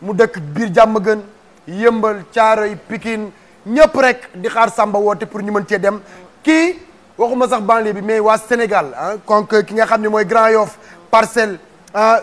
mu dëkk biir jàmm gën yëmbal caaroy pikin ñëpp rek di xaar Samba woote pour ñu mën cee dem kii waxuma sax banlieue bi mais waa Sénégal ah konk ki nga xam ni mooy Grand Yoff Parcelles ah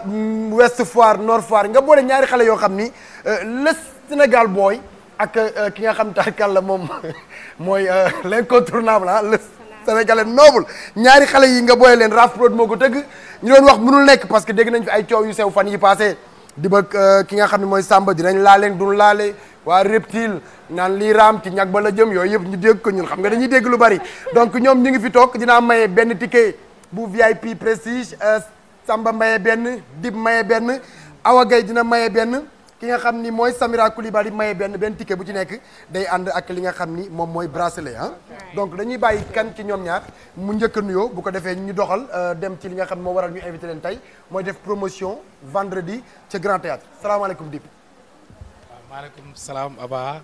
Ouest Foire Nord Foire nga boole ñaari xale yoo xam ni euh, le Sénégal booy ak euh, ki nga xam tarkal la moom mooy euh, l'incontournable ah le Sénégalais noble ñaari xale yi nga boole leen Raf Prod moo ko tëgg ñu doon wax mënul nekk parce que dégg nañ fi ay coow yu sew fan yi passé di ba euh, ki nga xam ne mooy samba sàmba dinañ laaleeg dun laale waa reptile naan lii raam ci ñag ba la jëm yooyu yëpp ñu dégg ko ñun xam nga dañuy dégg lu bari donc ñoom ñu ngi fi toog dinaa maye benn ticket bu VIP prestige euh, samba maye benn dib maye benn awagay dina maye benn ki nga xam ni mooy Samira Coulibaly maye benn benn ticket bu ci nekk day ànd ak li nga xam ni moom mooy bracelet ah. donc dañuy bàyyi kan ci ñoom ñaar mu njëkk a nuyoo bu ko defee ñu doxal euh, dem ci li nga xam moo waral ñu invité leen tey mooy def promotion vendredi ca Grand Théâtre salaamaaleykum Dip waaw salaam Aba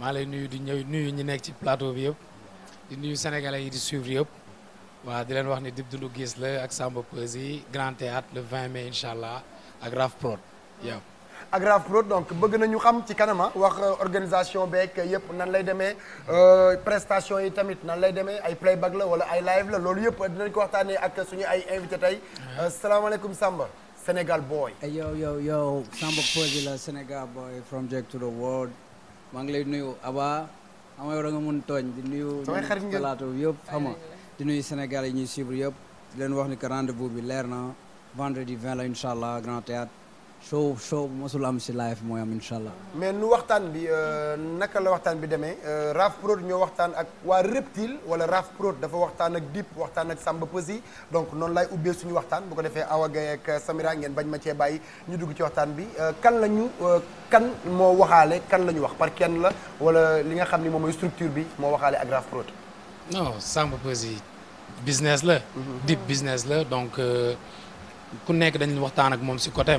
maa lay nuyu di ñëw nuyu ñi nekk ci plateau bi di nuyu sénégalais yi di suivre yëpp leen wax ni Dip Doundou Guiss la ak Samba Peuzzi Grand le 20 mai incha allah ak ak donc bëgg nañu xam ci kanama wax euh, organisation beeg yëpp nan lay demee euh, prestation yi tamit nan lay demee ay bag la wala ay live la loolu yëpp dinañ ko waxtaanee ak suñu ay invité tey euh, salaamaaleykum Samba Sénégal boy. yow yow yow Samba Peuzzi la Sénégal boy from Jack to the world maa ngi lay nuyu Aba xam nga yow da mun tooñ di nuyu. samay xarit ngeen plateau yëpp xam di nuyu Sénégal yi ñuy suivre yëpp leen wax ni que rendez vous bi leer na vendredi 20 la incha allah Grand Théâtre show show mosul am si live mooy am incha mais nu waxtaan bi euh, naka la waxtaan bi demee euh, Raf Prod ñoo waxtaan ak waa Reptile wala Raf Prod dafa waxtaan ak Dip waxtaan ak Samba Peuzzi donc noonu lay ubbee suñu waxtaan bu ko defee Awa Gaye ak Samira ngeen bañ ma cee bàyyi ñu dugg ci waxtaan bi euh, kan la ñu kan moo waxaale kan la ñu wax par kenn la wala li nga xam ni moom mooy structure bi moo waxaale ak Raf Prod. non Samba business la. Mhm. Dip business la donc. ku nekk dañ waxtaan ak moom si côté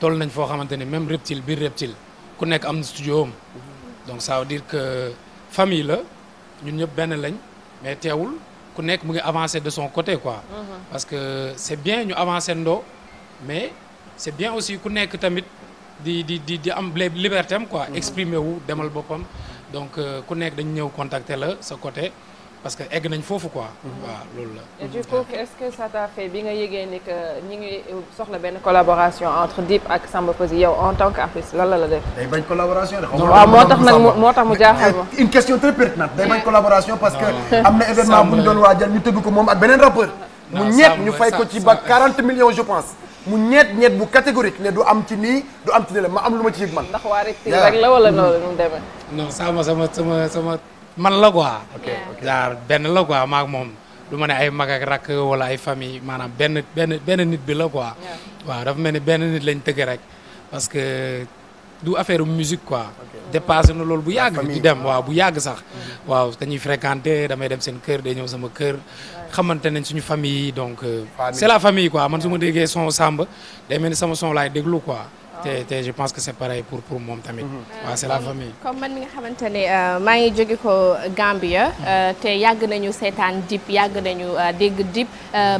toll nañ foo xamante ni même reptile biir reptile ku nekk am na studio am donc ça veut dire que famille la ñun ñëpp benn lañ mais teewul ku nekk mu ngi avancé de son côté quoi. Mhm. parce que c'est bien ñu avancé ndoo mais c'est bien aussi ku nekk tamit di di di di am liberté am quoi. Mhm. exprimer wu demal boppam donc euh, ku nekk dañ ñëw contacter la sa côté. parce que egg nañ foofu quoi. waaw loolu la. du coup est-ce que ça t'a fait bi nga yëgee ni que ñi ngi soxla benn collaboration entre Dip ak Samba Peuzzi yow en tant qu'artiste lan la la def. waaw moo tax nag moo tax mu jaaxal ma. Eh, une question très pertinente day bañ collaboration parce que. am na événement bu ñu doon waajal ñu tëgg ko moom ak beneen rappeur. mu ñeet je pense. mu ñeet ñeet bu catégorique ne du am ci nii du am ci nii la ma am lu ma ci yëg man. ndax waa rek la man la ko waaw benn la quoi maak moom du ma ne ay mag ak rakk wala ay famille maanaam benn benn benn nit bi la quoi. waaw dafa mel ni benn nit lañ tëgg rek parce que du affaire musique quoi. dépassé na loolu bu yàgg. di dem ah. waaw bu yàgg sax. Mm-hmm. waaw dañuy fréquenté damay dem seen kër day ñëw sama kër. xamante nañ suñu famille donc. Euh, c'est la famille quoi man su ma déggee son Samba day mel ni sama son laay déglu quoi. te te je pense que pour pour moom tamit. waaw mhm. c'est la famille. comme ne euh, maa ngi jóge ko Gambia. Mhm. Euh, te yàgg nañu seetaan dip yàgg nañu euh, dégg dip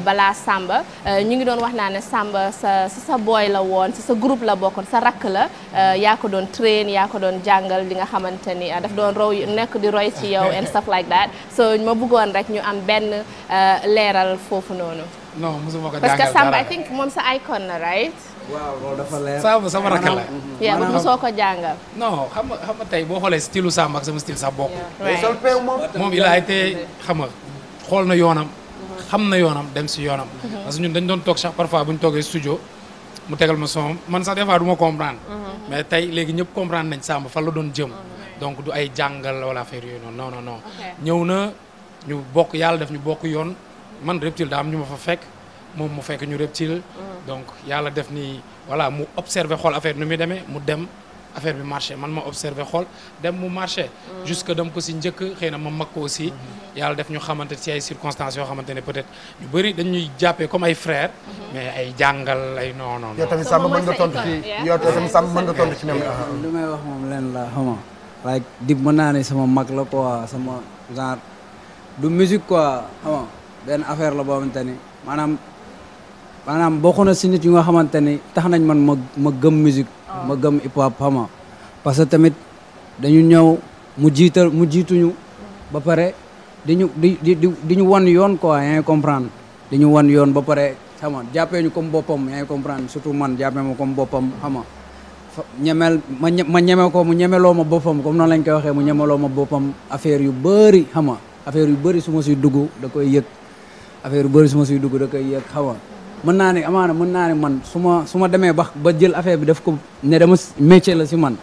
balaa Samba ñu ngi doon wax naa ne Samba sa sa booy la woon sa groupe la bokkoon sa rakk la yaa ko doon train yaa ko doon jàngal li nga xamante ni daf doon row nekk di roy ci yow and stuff like that so ma bëggoon rek ñu am benn leeral foofu noonu. non mosuma ko jàngal dara parce que Samba I think moom sa icon la right. waaw loolu dafa leer Samb sama rakk la. yaa soo ko jàngal. non xam nga tey boo xoolee style Samb ak sama style sa bokk. moom il te été xam nga xool na yoonam. xam na yoonam dem si yoonam. Mm-hmm. parce que ñun dañ doon toog sax parfois bu ñu toogee studio mu tegal ma son man sa des fois du ma comprendre. Mm-hmm. mais tey léegi ñëpp comprendre nañ Samb fan la doon jëm. Mm-hmm. donc du ay jàngal wala affaire yooyu noonu non non non. ñëw na ñu bokk yàlla def ñu bokk yoon man reptile daa am ñu ma fa fekk. moom mu fekk ñu reptile donc yàlla def nii voilà mu observé xool affaire nu muy demee mu dem affaire bi marché man ma observé xool dem mu marché mm. jusque dama ko si njëkk xëy na ma mag ko aussi mm-hmm. yàlla def ñu xamante ci ay circonstances yoo xamante ne peut-être ñu bëri dañuy jàppee comme ay frère mm-hmm. mais ay jàngal ay non non yow tamit sàmm mën nga tontu ci yow tamit sàmm mën nga tontu ci may wax moom leen la xama like dib mën naa ne sama mag la quoi sama genre du musique quoi xama benn affaire la boo xamante ni maanaam maanaam bokk na si nit yu nga xamante ni tax nañ man ma ma gëm musique ma oh. gëm hip hop xama parce que tamit dañu ñëw mu jiital mu jiituñu ba pare di ñu di di di ñu wan yoon quoi yaa ngi ñu wan yoon ba pare xama jàppee ñu comme boppam yaa ngi comprendre surtout man jàppee ma comme boppam xama ñemel ma ma ñeme ko mu ñemeloo ma boppam comme noonu lañ koy waxee mu ñemeloo ma boppam affaire yu bëri xama affaire yu bëri suma si siy dugg da koy yëg affaire yu bëri su ma siy dugg da koy yëg xama mën naa ne amaana mën naa ne man su ma su ma demee ba ba jël affaire bi daf ko ne dama métier la si man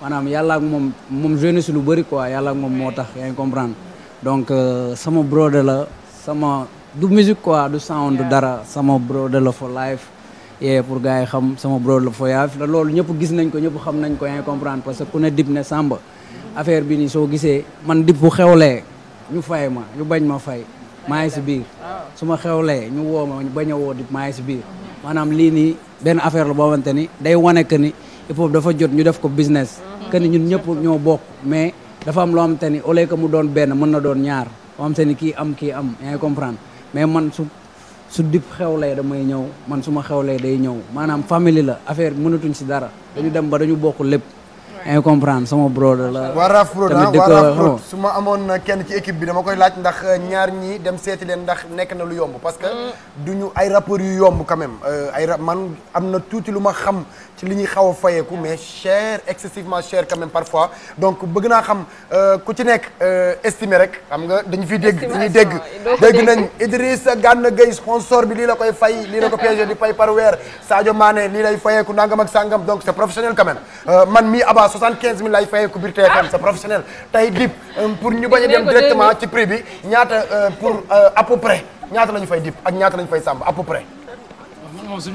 maanaam yàlla ak moom moom jeune si lu bëri quoi yàlla ak moom moo tax yaa ngi comprendre donc euh, sama brode la sama du musique quoi du dara sama brode la for life yee pour gars yi xam sama brode la for life la loolu ñëpp gis nañ ko ñëpp xam nañ ko yaa ngi comprendre parce que ku ne dib ne sàmba affaire bi nii soo gisee man dib bu xewlee ñu fay ma ñu bañ ma fay maa ngi si biir su ma xewlee ñu woo ma bañ a woo di maa ngi si biir maanaam lii nii benn affaire la boobante ni day wane que ni hip hop dafa jot ñu def ko business que ni ñun ñëpp ñoo bokk mais dafa am loo am ni au lieu que mu doon benn mën na doon ñaar loo am te ni kii am kii am yaa comprendre mais man su su dip xewlee damay ñëw man su ma xewlee day ñëw maanaam famille la affaire mënatuñ si dara dañu dem ba dañu bokk lépp incomprendre sama brother la. waa Raaf Prod ah waa Raaf Prod su ma amoon kenn ci équipe bi dama koy laaj ndax euh, ñaar ñi dem seeti leen ndax nekk na lu yomb parce que mm. du ñu ay rappeurs yu yomb quand même euh, ay rap man am na tuuti lu ma xam ci li ñuy xaw a foyeeku mais cher excessivement cher quand même parfois donc bëgg naa xam euh, ku ci nekk estimé rek xam nga dañu fi dégg dañuy dégg dégg nañ Idrissa Gana Gueye sponsor bi lii la koy fay lii la ko PSG di fay par weer Sadio Mané lii lay fayeeku nangam ak sàngam donc c'est professionnel 75000 lay fayee ko biir TFM c'est professionnel tey dip euh, pour ñu bañ a dem directement ci prix bi ñaata euh, pour euh, à peu ñaata la ñu fay dip ak ñaata la ñu fay sàmb à peu près.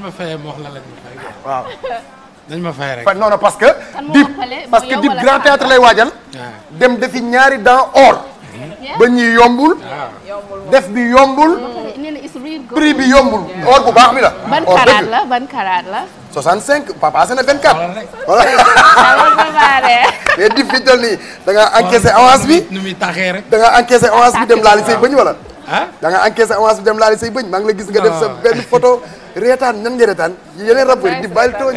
ma fayee ma wax waaw dañ ma fay rek. non parce que. dip parce que dip grand théâtre lay waajal. dem defi ñaari dents or. ba ñuy yombul. Ah. def bi yombul. prix bi yombul or bu baax bi la. ban karaat la la. 65 pas passé na 24. voilà mais di fi toll nii da nga encaissé avance bi nu muy taxee rek. da nga encaissé avance bi dem laali say ah. bëñ wala. ah da nga encaissé avance bi dem laali say bëñ maa ngi la gis nga def sa ah. benn photo reetaan ñan nga reetaan yeneen rappeurs di bàyyi tooñ.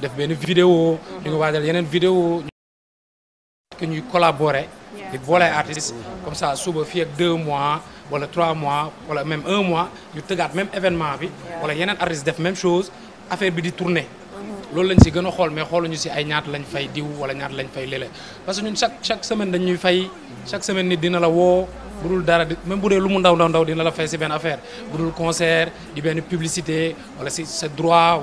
def benn vidéo ñu ngi waajal yeneen vidéo que ñuy collaborer di boole artistes comme ça suba fii ak deux mois wala trois mois wala même un mois ñu tëggaat même événement bi wala yenen artistes def même chose affaire bi di tourner loolu lañ si gën a xool mais ñu si ay ñaata lañ fay diw wala ñaata lañ fay lële parce que ñun chaque chaque semaine dañuy fay chaque semaine nit dina la woo bu dul dara même bu dee lu mu ndaw ndaw ndaw dina la fay si benn affaire bu dul concert di benn publicité wala si sa droit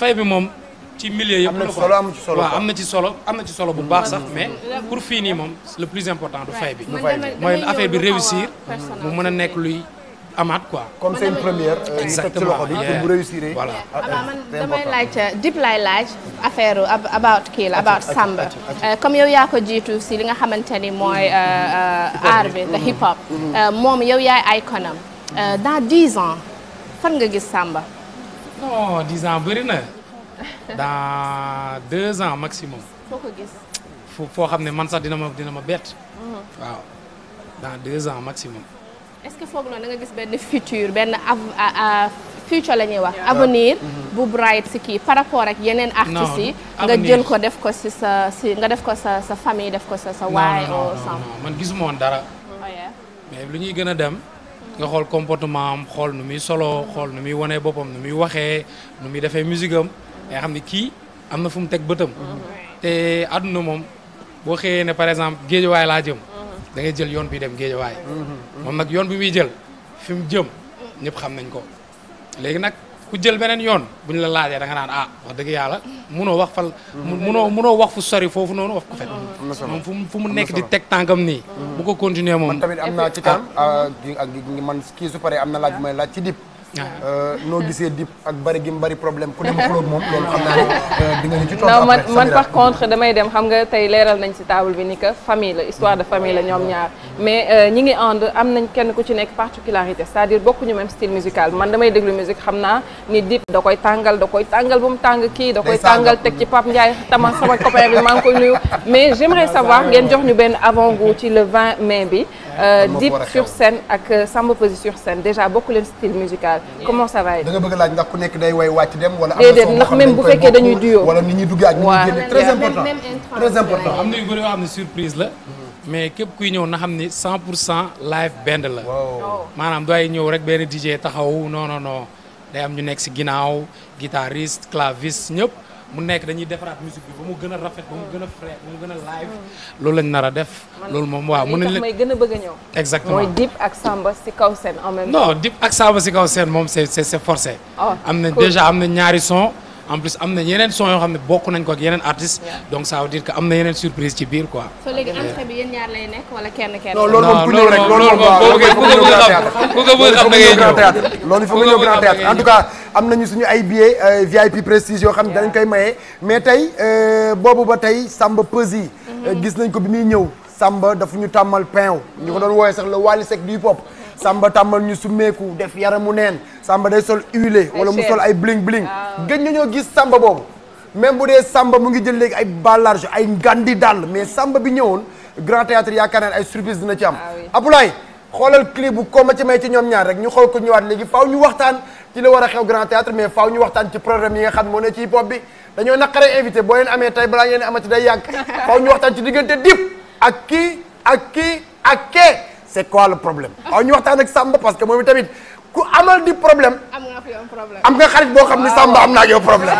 fay bi moom ci milieu yëpp. na ci am ci solo am na ci solo am na ci solo bu baax sax mais pour fii nii moom le plus important du fay bi. mooy affaire bi réussir. mu mën nekk luy. amaat quoi. comme c'est une première. Euh, exactement ci réussir. voilà ah, ah, man damay laaj euh, dip laaj affaire about kii la about Samba. Euh, comme yow yaa ko jiitu si li nga xamante ni mooy art bi the hip hop. Mm-hmm. moom yow yaay iconam dans dix ans fan nga gis Samba. non dix ans bëri dans deux ans maximum. foo foo xam ne man sax dina ma dina ma bett. Mhm. waaw dans deux ans maximum. est-ce que foog noonu da nga gis benn futur benn av futur la ñuy wax. avenir mhm. bu bright si kii par rapport ak yeneen. artistes yi nga jël ko def ko si sa si nga def ko sa sa famille def ko sa sa. waay oo man gisuma dara. Oh, mais lu ñuy gën a dem. nga xool comportement xool nu muy solo xool nu muy wanee boppam nu muy waxee nu muy defee musique day xam ne kii am na fu mu teg bëtam. te àdduna moom boo xëyee ne par exemple waaye laa jëm. Uh-huh. dangay jël yoon bi dem géejawaay. Uh-huh. moom nag yoon bi muy jël fi mu jëm ñëpp xam nañ ko. léegi nag ku jël beneen yoon bu ñu la laajee da naan ah wax dëgg yàlla munoo wax fal. Uh-huh. munoo munoo wax fu sori foofu noonu wax ko fet moom fu mu fu mu nekk di teg tànkam nii. bu ko continuer moom man tamit am naa ci ah, kan man kii su paree am na laaj laaj ci dip Ah. Euh, noo gisee dip ak bari gi mu bari problème ku dem xulóog moom loolu xam naa ne euh, di nga ñu ci tontu non man man par contre damay dem xam nga tey leeral nañ ci table bi ni que famille la histoire de famille la ñoom ñaar mais euh, ñi ngi ànd am nañ kenn ku ci nekk particularité c'est-à-dire bokkuñu même style musical man damay déglu musique xam naa ni dip da koy tàngal da koy tàngal ba mu tàng kii da koy tàngal teg ci Pape Ndiaye tama sama copain bi maa ngi koy nuyu mais j'aimerais savoir ngeen jox ñu benn avant goût ci le 20 mai bi Euh, Dip sur scène ak euh, Samba Peuzzi sur scène déjà bokk leen style musical comment ça va être. da nga bëgg laaj ndax ku nekk day way wàcc dem. wala am na ndax même bu fekkee dañuy duo wala nit dugge duggee ak nit très important très important. am na yu bëri yoo xam ne surprise la. mais képp kuy ñëw na xam ni 100 pour cent live band la. maanaam doy ñëw rek benn DJ taxaw non non non day am ñu nekk si ginnaaw guitariste claviste ñëpp. mu nekk dañuy defaraat musique bi ba mu gën a rafet ba mu gën a ba mu gën live mm. loolu lañ nar a def loolu moom waaw mën nañ may gën a bëgg ñëw exactement mooy Dip ak Samba si kaw seen en même temps non Dip ak Samba si kaw seen moom c'est c'est forcé oh, am na déjà am na ñaari son en plus am na yeneen son yoo xam ne bokk nañ ko ak yeneen artistes. donc ça veut dire que am na yeneen biir quoi. kenn kenn. non loolu moom loolu moom waaw loolu moom ku ko bëgg xam am nañu suñu ay billets euh, VIP prestige yoo xam ne dañ koy maye mais tey euh, boobu ba tey Samba Peuzzi mm-hmm. euh, gis nañ ko bi muy ñëw Samba dafa ñu tàmmal pain ñu ko doon wooyee sax la Wally Seck du hip sàmba tàmmal ñu summeeku def yaramu neen samba day sol huilé wala mu sol ay bling bling gëj na ñoo gis samba boobu même bu dee samba mu ngi jël léegi ay ballarge ay ngandi dàll mais samba bi ñëwoon grand théâtre yaakaar naa ay surprise dina ci am ah Abdoulaye xoolal clip bu ko ci may ci ñoom ñaar rek ñu xool ko ñëwaat léegi faaw ñu waxtaan ci la war a xew grand théâtre mais faaw ñu waxtaan ci programme yi nga xam moo ne ci hip-hop bi dañoo naqare invité boo leen amee tey balaa ngeen amati day yàgg faaw ñu ak kii ak ak kee c'est quoi le problème waaw ñu waxtaan ak Samba parce que moom tamit ku amal di problème. am nga fi am am nga xarit boo xam ni Samba am naa ak yow problème.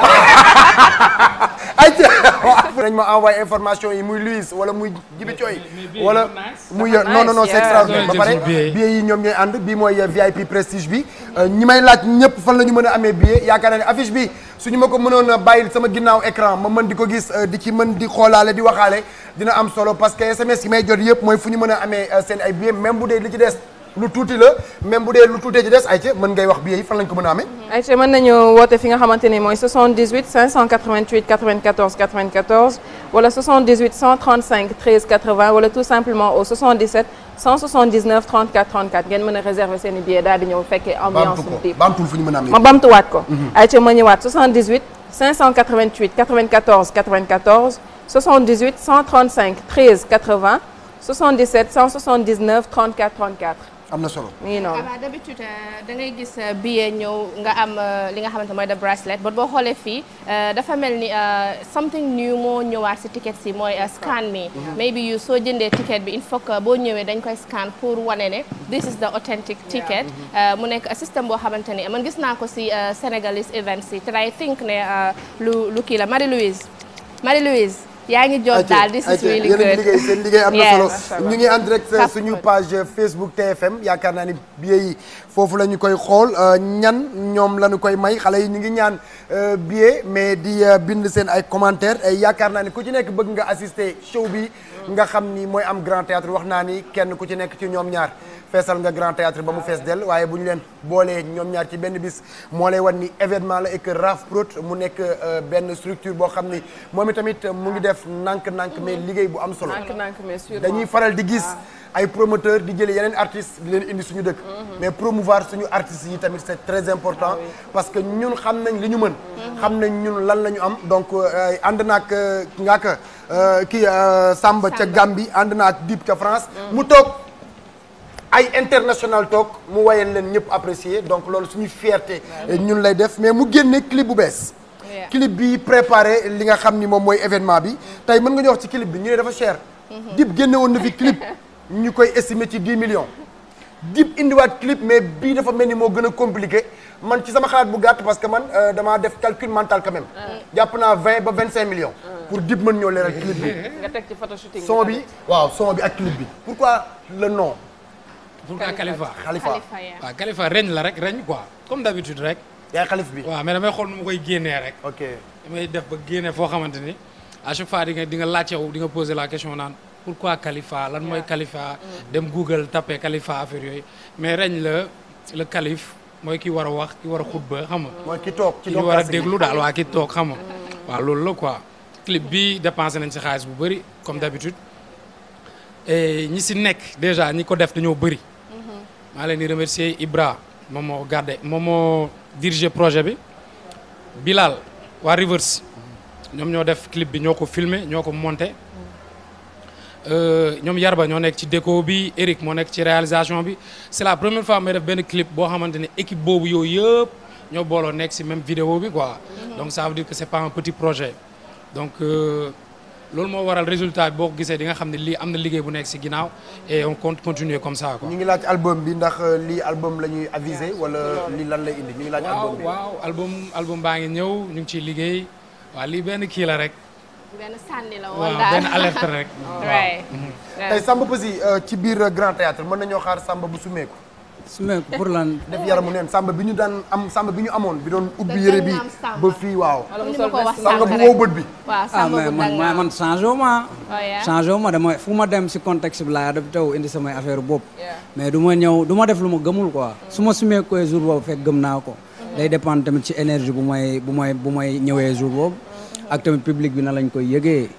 ayca waaw. nañ ma envoyé information yi muy Louis wala muy Jibi Coy wala muy ah, non non non c'est extraordinaire ba pare bi yi ñoom ñooy ànd bii mooy VIP prestige bi euh, ñi laaj ñëpp fan la ñu mën a amee billet yaakaar naa ne affiche bi suñu ma ko mënoon bàyyil sama ginnaaw écran ma mën di ko gis euh, di ci mën di xoolaale di waxaale dina am solo parce que SMS yi may jot yëpp mooy fu ñu mën a amee euh, seen ay billets même bu dee li ci des lu tuuti la même bu dee lu tuutee ci des ayca mën ngay wax billet yi fan lañ ko mën a amee. ayca mën nañu woote fi nga xamante mooy 78 588 94 94 wala 78 135 13 80 wala tout simplement au 77 179 34 34 ngeen mën a réserver seen i billets daal di ñëw fekkee ambiance bi bamtu fu ñu mën a amee. ma bamtuwaat ko. Mhm. ayca ma ñëwaat 78 588 94 94 78 135 13 80 am na solo mi ngi noonu d'habitude euh, da ngay gis euh, billet ñëw nga am euh, li nga xamante mooy de bracelet but boo xoolee fii dafa mel ni something new moo ñëwaat si ticket si mooy scan mi mm-hmm. Mm-hmm. maybe you soo jëndee ticket bi il faut que boo ñëwee dañ koy scan pour wane ne this is the authentic ticket mm-hmm. mu nekk système boo xamante ni man gis naa ko si Senegalese events yi te I think ne lu lu kii la Marie Louise Marie Louise yaa ngi jot daal di si yéen a ngi liggéey seen liggéey am na solo ñu ngi en direct suñu page Facebook TFM yaakaar naa ni billet yi foofu la ñu koy xool euh, ñan ñoom lañu koy may xale yi ñu ngi ñaan euh, billet mais di euh, bind seen ay commentaire yaakaar naa ni ku ci nekk bëgg nga assister show bi nga xam ni mooy am grand théâtre wax naa ni kenn ku ci nekk ci ñoom ñaar feesal nga grand théâtre ba mu fees dell waaye bu ñu leen boolee ñoom ñaar ci benn bis moo lay wan ni événement la et que Raf mu nekk euh, benn structure boo xam ni moom tamit mu ngi def nank nank mais liggéey bu am solo dañuy faral di gis ah. ay promoteur di jëlee yeneen artistes di leen indi suñu dëkk mm-hmm. mais promouvoir suñu artistes yi tamit c'est très important ah parce que ñun xam nañ li ñu mën mm-hmm. xam nañ ñun lan la ñu am donc euh, ànd naak euh, ngaaka Euh, kii euh, Samba ca Gambie ànd naa ak Dip ca France mu toog ay international toog mu wayal leen ñëpp apprécier donc loolu suñu fierté ñun lay def mais mu génne clip bu bees clip bi préparé li nga xam ni moom mooy événement bi mm. tey mën nga ñu wax ci clip bi ñu ne dafa cher mm-hmm. Dip génne woon na fi clip ñu koy estimé ci 10 millions Dip indiwaat clip mais bii dafa mel ni moo gën a compliqué man ci sama xalaat bu gàtt parce que man euh, damaa def calcul mental quand naa 20 ba 25 millions pour Dip mën ñoo leeral clip bi. nga bi waaw son bi ak clip bi. pourquoi le nom. pourquoi Khalifa Khalifa waaw reñ la rek reñ quoi comme d'habitude rek. yaay xalif bi waaw mais damay xool nu ma koy génnee rek. ok damay def ba génne foo xamante ni à chaque fois di nga di nga nga poser la question naan. pourquoi kalifa lan mooy kalifa mm. dem Google tapé kalifa affaire yooyu mais reñ la la calife mooy kii war a wax ki war xutba xam nga. mooy ki toog ci ki war a déglu daal waa ki toog xam nga mm. clip bi dépensé nañ ci xaalis bu bëri comme d'habitude e ñi si nekk déjà ñi ko def dañoo bëri. Mm-hmm. maa leen di remercier Ibra moom moo gardé moom moo dirigé projet bi Bilal waa Rivers ñoom ñoo def clip bi ñoo ko filmé ñoo ko monté euh, ñoom Yarba ñoo nekk ci déco bi Eric moo nekk ci réalisation bi c'est la première fois may def benn clip boo xamante ne équipe boobu yooyu yëpp ñoo booloo nekk si même vidéo bi quoi. Mm-hmm. donc ça veut dire que c'est pas un petit projet. donc euh, loolu moo waral résultat boo gisee di nga xam ne lii am na liggéey bu nekk ci ginnaaw et on compte comme ça quoi. ñu ngi laaj album bi ndax euh, lii album la ñuy avisé wala lii lan lay indi ñu ngi laaj. album bi waaw album album baa ngi ñëw ñu ngi ciy liggéey waaw lii benn kii la rek. benn sànni la woon daal benn alerte rek. waaw tey Samba Peuzzi ci biir Grand Théâtre mën na nañoo xaar Samba bu summeeku sumeeku pour lan. def yaramu neen sàmba bi ñu daan am sàmba bi ñu amoon bi doon ubbi yëre bi ba fii waaw. sàmba bu wow bët bi. waaw ah, sàmba man man man changé wu ma. Oh, changé wu dama fu ma dem si contexte bi laay adapté indi samay affaire boob mais du ma ñëw du ma def lu ma gëmul quoi. su ma sumeeku koy jour boobu fekk gëm naa ko. Mm-hmm. day dépendre tamit ci énergie bu may bu may bu may ñëwee jour boobu. Mm-hmm. ak tamit public bi na lañ koy yëgee.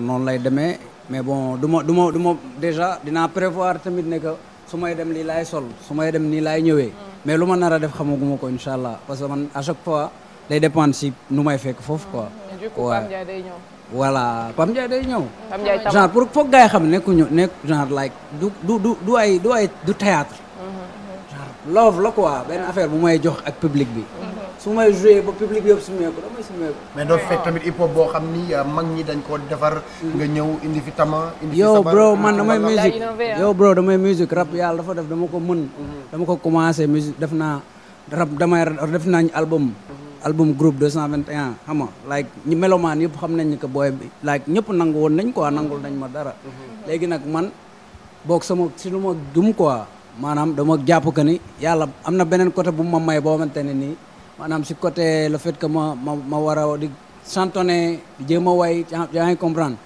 noonu lay demee mais bon du déjà dinaa prévoir tamit ne su may dem lii laay sol su may dem nii laay ñëwee mais lu ma nar a def xamaguma ko incha allah parce que man à chaque fois day dépendre si nu may fekk foofu quoi. Mm-hmm. du coup Pam Ndiaye day ñëw. voilà Pam Ndiaye day pour foog gars xam ne ku ñu nekk genre like du du du ay du du théâtre mm-hmm. genre love la quoi benn affaire bu may jox ak public bi. su may joué ba public yëpp sumeeku damay sumeeku. mais doo fekk tamit hip hop boo euh, mag ñi dañ koo defar. Mm. nga ñëw indi indi fi yow bro ah, man damay musique yow bro damay musique rab yàlla dafa def dama ko mën. Mm-hmm. dama ko commencé musique def naa rap damay def nañ album. Mm-hmm. album groupe 221 xam nga like ñi melomaan yëpp xam nañ ni que booy bi like ñëpp nangu woon nañ quoi nangul nañ ma dara. Mm-hmm. léegi nag man boog sama si lu ma dum quoi maanaam dama jàpp que ni yàlla am na beneen côté bu ma may boo xamante ne nii. maanaam si côté le fait que ma ma ma war a di chantonné di jéem a way yaa ngi comprendre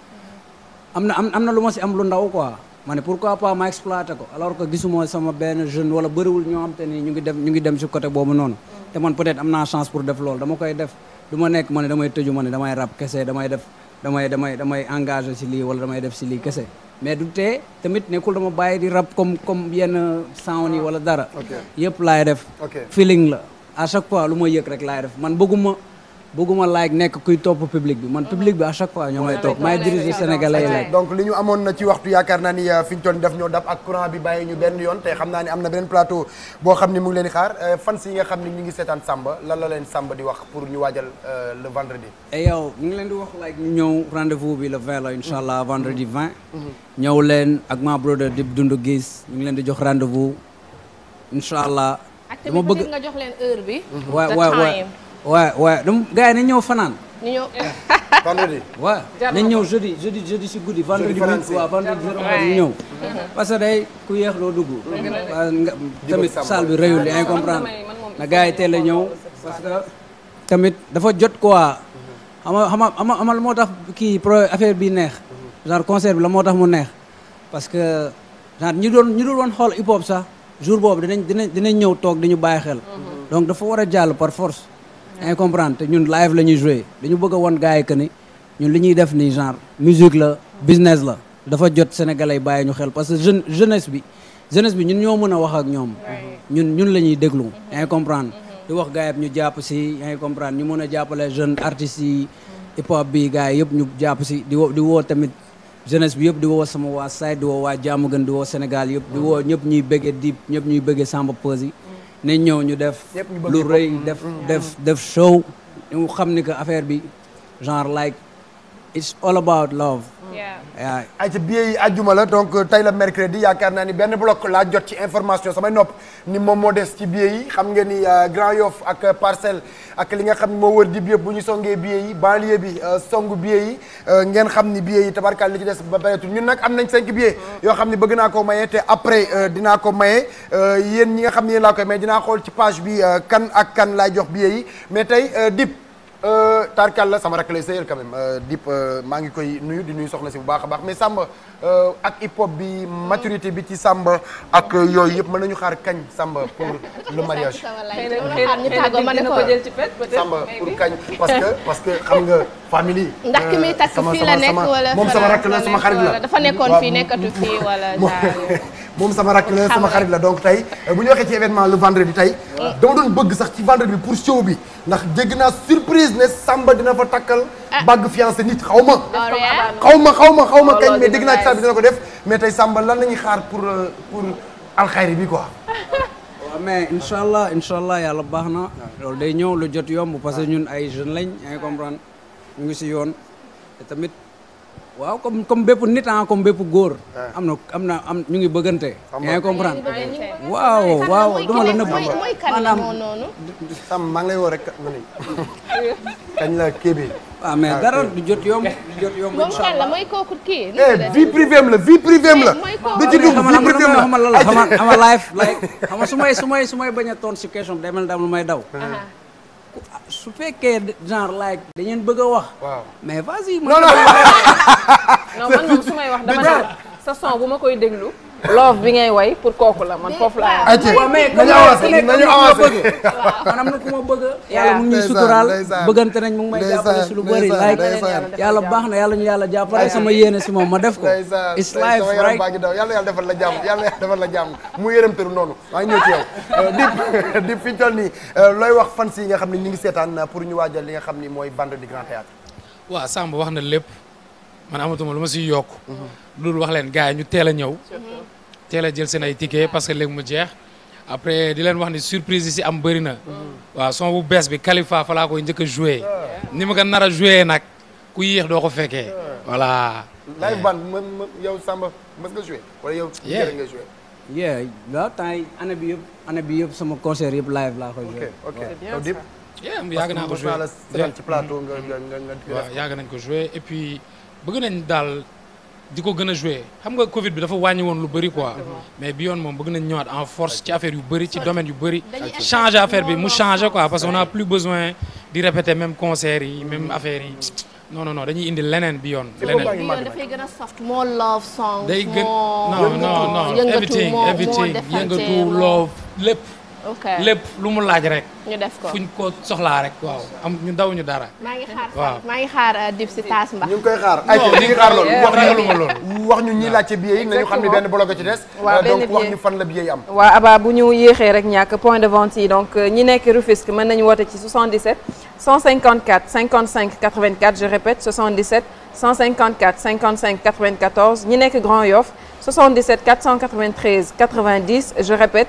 am na am na lu ma si am lu ndaw quoi ma ne pourquoi pas ma exploité ko alors que gisuma sama benn jeune wala bëriwul ñoo xam te ni ñu ngi dem ñu ngi dem si côté boobu noonu mm. te man peut-être am naa chance pour def lool dama koy def du ma nekk ma ne damay tëju ma ne damay rab kese damay def damay damay damay engagé si lii wala damay def si lii kese mais du tee tamit nekkul dama bàyyi di rab comme comme yenn sound yi ah. wala dara yëpp laay def feeling la a chaque pois lu may yëg rek laay def man bëgguma like nekk kuy topp public bi man public bi à chaque fois ñoo may topp maay diriger sénégalais yi like donc li ñu amoon na ci waxtu yaakaar naa ni euh, fi ñu toll daf ñoo dab ak courant bi bàyyi ñu benn yoon te xam naa ni am na beneen plateau boo xam ni mu ngi leen di xaar euh, fans yi nga xam ni ñu ngi seetaan Samba lan la leen Samba di wax pour ñu waajal euh, le vendredi et yow ñu ngi leen di wax like ñu ñëw rendez-vous bi le 20 la allah mm-hmm. vendredi 20 mm-hmm. ñëw leen ak ma brother Dip Doundou Guiss ñu ngi leen di jox rendez-vous incha allah dama bëgg nga jox leen heure bi. waaw mhm. waaw waaw waaw dama gars yi nañu ñëw fanaan. ñu ñëw. vendredi. waaw nañu ñëw jeudi jeudi jeudi si guddi. vendredi bi waaw vendredi zéro heure ñu ñëw. Mhm. parce que day ku yéex loo dugg. waaw nga tamit salle bi rëyul yaa ngi comprendre na gars yi teel a ñëw parce que tamit dafa jot quoi. xam nga xam nga moo tax kii pro affaire bi neex. genre concert bi la moo tax mu neex parce que genre ñu doon ñu doon woon xool hip hop sax. jour boobu dinañ dinañ dinañ ñëw toog di ñu bàyyi xel. Mhm. donc dafa war a jàll par force. yaa ñun live la ñuy joué dañu bëgg a won gars yi que ni ñun li ñuy def nii genre musique la business la dafa jot sénégalais yi bàyyi ñu xel parce que jeune jeunesse bi jeunesse bi ñun ñoo mën a wax ak ñoom. ñun ñun la ñuy déglu. Mhm. yaa comprendre mhm. di wax gars ñu jàpp si yaa comprendre ñu mën a jàppale jeune artistes yi hip hop bi gars yi yëpp ñu jàpp si di di woo tamit. jeunesse bi yëpp di woo sama waa say di woo waa Diamaguène di woo Sénégal yëpp di woo ñëpp ñuy bëggee di ñëpp ñuy bëggee Samba Peuzzi yi nañ ñëw ñu def lu rëy mm. def show ñu xam ni que affaire bi genre like it's all about love waaw ayca billet yi ajuma la donc euh, tey la mercredi yaakaar naa ni benn bloc laa jot ci information samay nopp ni moom moo des ci billet yi xam nga ni euh, Grand Yoff ak euh, Parcelles ak li nga xam ni moo wër di billet bu ñu songee billet yi banlieue bi songu billet yi ngeen xam ni billet yi tabarkaal li ci des ba bareetul ñun nag am nañ cinq billets yoo xam ni bëgg naa ko maye te après dinaa ko maye yéen ñi nga xam ni yéen laa koy maye dinaa xool ci page bi kan ak kan laay jox billet yi mais tey dip Euh, tarkal la sama rakk lay sëyal quand même euh, dip euh, maa ngi koy nuyu di nuyu soxna si bu baax a baax mais Samba ak hip bi maturité bi ci sàmba ak yooyu yëpp mën nañu xaar kañ Samba pour le pour kañ parce que parce que xam nga famille. ndax ki muy takk fii la nekk wala moom sama rakk la sama xarit la dafa nekkoon fii nekkatu fii wala. moom sama rakk la sama xarit la donc tey euh, bu ñu waxee ci événement le vendredi tey dama doon bëgg sax ci vendredi bi pour show bi ndax dégg naa surprise ne Samba dina fa takkal ah. bàgg fiancé nit oh, xaw ma xaw ma xaw ma xaw oh, ma dégg naa ci saa ko def mais tey Samba lan la ñuy xaar pour euh, pour alxayri bi quoi waaw mais incha allah incha allah yàlla baax na loolu day ñëw lu jot yomb parce que ñun ay jeunes lañ yaa ngi ngi si yoon waaw comme comme bépp nit ah comme bépp góor. Ah. am na am na am ñu ngi bëggante. yaa ngi comprendre waaw waaw duma la nëbb. maanaam sam maa ngi lay woo rek ma ne. kañ la kii bi. waaw ah, mais ah, dara du jot yomb du jot yomb. incha allah moom mooy kooku kii. Eh, vie privée la vie privée la. du eh, ci dugg vie privée la xamal la xamal live like xamal su may su may su may bañ a toon si question bi day mel ni daal lu may daw. su fekkee genre like da ngeen bëgg a wax. waaw mais vas-y. non non non man moom su may wax dama ne sa son bu ma koy déglu. love bi ngay way pour kooku la man foofu laa. ayca nañu avancé nañu avancé man a na ku ma bëgg. yàlla mu ngi ñuy suturaal bëggante nañ mu ngi may jàppale si lu bëri. yàlla baax na yàlla ñu yàlla jàppale sama yéene si moom ma def ko. it's life right yàlla yàlla defal la jàmm yàlla yàlla defal la jàmm mu yërëm tëru noonu maa ñëw ci yow. Euh, dip dip nii euh, looy wax fans yi nga xam ne ñu ngi seetaan pour ñu waajal li nga xam ni mooy bande du Grand Théâtre. waaw Samba wax na lépp. man amatuma lu ma si yokk. loolu wax leen gars yi ñu teel a ñëw. teel a jël seen ay ticket parce que léegi mu jeex après di leen wax ni surprise yi si am bëri na. waaw son bu bees bi Khalifa fa laa koy njëkk a joué ni ma ko nara a nag ku yéex doo ko fekkee. voilà. live band yow Samba mës nga yow. yéen nga joué. yéen waaw temps bi yëpp année bi yëpp sama concert yëpp live laa koy joué. ok ok yàgg naa ko joué parce que yàgg nañ ko joué bëgg nañ daal di ko gën a joué xam nga Covid bi dafa wàññi woon lu bari quoi mais bi yoon moom bëgg nañ ñëwaat en force ci affaire yu bëri ci domaine yu bëri changer affaire bi mu changer quoi parce qu'on a plus besoin di répéter même concert yi même affaire yi non non non dañuy indi leneen bi yoon. leneen bi yoon dafay gën day gën non non everything everything yëngatu love lépp. lép lu mu laaj rek. ñu def ko fuñ ko soxlaa rek waaw am ñu daw ñu dara. maa ngi xaar maa ngi xaar uh, dib si taas mba. ñu ngi xaar ay wax ñu loolu. wax ñu ñi laajte billet yi nañu xam ni benn bloc ci des. waaw benn donc wax ñu fan la billet yi am. waaw Aba bu ñu yéexee rek ñàkk point de vente yi donc euh, ñi nekk Rufisque mën nañu woote ci 77 154 55 84 je répète 77 154 55 94 ñi nekk Grand Yoff 77 je répète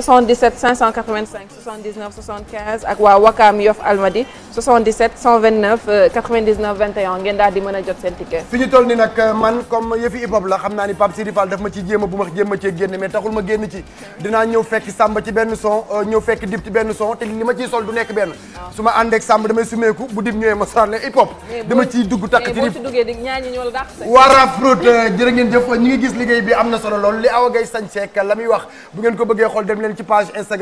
77 585 79 75 ak waa Wakaam Yoff Almadi 77 129 euh, 99 21 ngeen daal di mën a jot seen ticket. fi ñu toll ni nag euh, man comme yëfi hip hop la xam naa ni Pape Sidi Fall daf ma ci jéem bu ma jéem a cee génn mais taxul ma génn ci dinaa ñëw fekk Samba ci benn son euh, ñëw fekk Dip ci benn son te li ma ciy sol du nekk benn ah. su ma ànd ak damay sumeeku bu Dip ñëwee ma sànni hip hop dama ciy dugg takk ci Dip leen ci page Instagram.